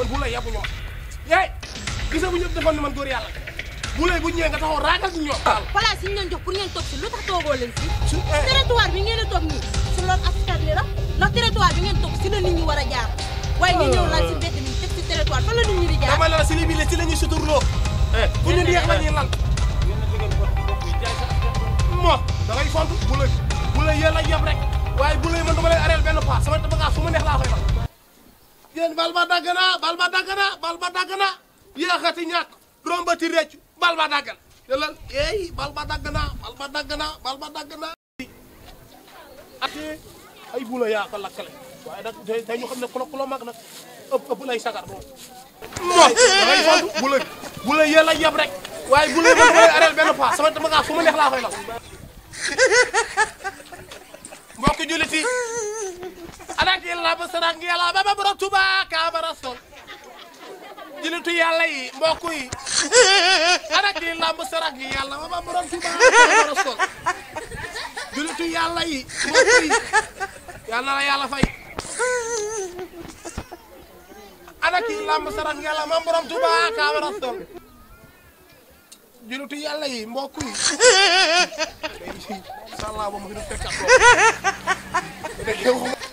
man bu lay yabu ñoom yaay gis bu ñëpp defoon man góor yàlla bu lay bu ñëwee nga taxaw raagal si ñoom place yi ñu jox pour ngeen toog si lu tax leen si territoire bi ngeen a toog nii si loolu li la ndax territoire bi ngeen toog si la nit ñi war jaar waaye ngeen ñëw laal si mbedd mi teg si territoire fan la nit ñi di jaar dama la si li bi si la bu ñu la da ngay bu lay bu lay rek bu lay man dama lay pas sama neex koy wax yéen bal ma dagg bal ma dagg naa bal ma dagg naa bal ma dagg na yàlla eey bal ma dagg naa bal ma dagg naa bal ma dagg naa ay bula yaa ko lakkale waaye nag dañu xam ne kulo nag ëpp sagar moom dangay fondu bu la bu la yàlla benn pas sama dama ngaa su ma neex laa ki làmb sarax ngi yàlla ba ba borom tuba ka ba rasul jilitu yàlla yi mbokk yi ana ki làmb sarax ngi yàlla ba ba borom tuba ka ba rasul jilitu yàlla yi mbokk yi yàlla la yàlla fay ana ki làmb sarax ngi yàlla ba borom tuba ka ba rasul jilitu yàlla yi mbokk yi incha allah moom gën a fekk ak loolu